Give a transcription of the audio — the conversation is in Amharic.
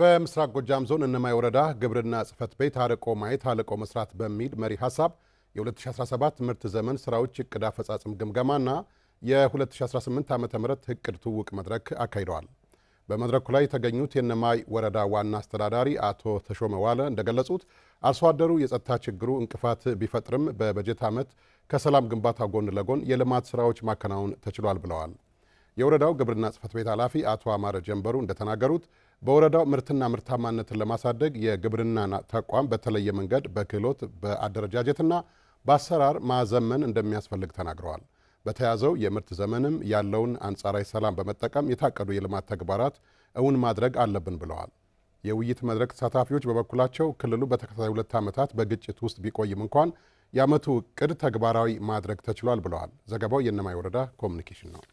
በምስራቅ ጎጃም ዞን እነማይ ወረዳ ግብርና ጽፈት ቤት አርቆ ማየት አልቆ መስራት በሚል መሪ ሀሳብ የ2017 ምርት ዘመን ስራዎች እቅድ አፈጻጽም ግምገማና የ2018 ዓ ም እቅድ ትውውቅ መድረክ አካሂደዋል። በመድረኩ ላይ የተገኙት የእነማይ ወረዳ ዋና አስተዳዳሪ አቶ ተሾመ ዋለ እንደገለጹት አርሶ አደሩ የጸጥታ ችግሩ እንቅፋት ቢፈጥርም በበጀት ዓመት ከሰላም ግንባታ ጎን ለጎን የልማት ስራዎች ማከናወን ተችሏል ብለዋል። የወረዳው ግብርና ጽሕፈት ቤት ኃላፊ አቶ አማረ ጀንበሩ እንደተናገሩት በወረዳው ምርትና ምርታማነትን ለማሳደግ የግብርና ተቋም በተለየ መንገድ በክህሎት በአደረጃጀትና በአሰራር ማዘመን እንደሚያስፈልግ ተናግረዋል። በተያዘው የምርት ዘመንም ያለውን አንጻራዊ ሰላም በመጠቀም የታቀዱ የልማት ተግባራት እውን ማድረግ አለብን ብለዋል። የውይይት መድረክ ተሳታፊዎች በበኩላቸው ክልሉ በተከታታይ ሁለት ዓመታት በግጭት ውስጥ ቢቆይም እንኳን የዓመቱ ዕቅድ ተግባራዊ ማድረግ ተችሏል ብለዋል። ዘገባው የእነማይ ወረዳ ኮሚኒኬሽን ነው።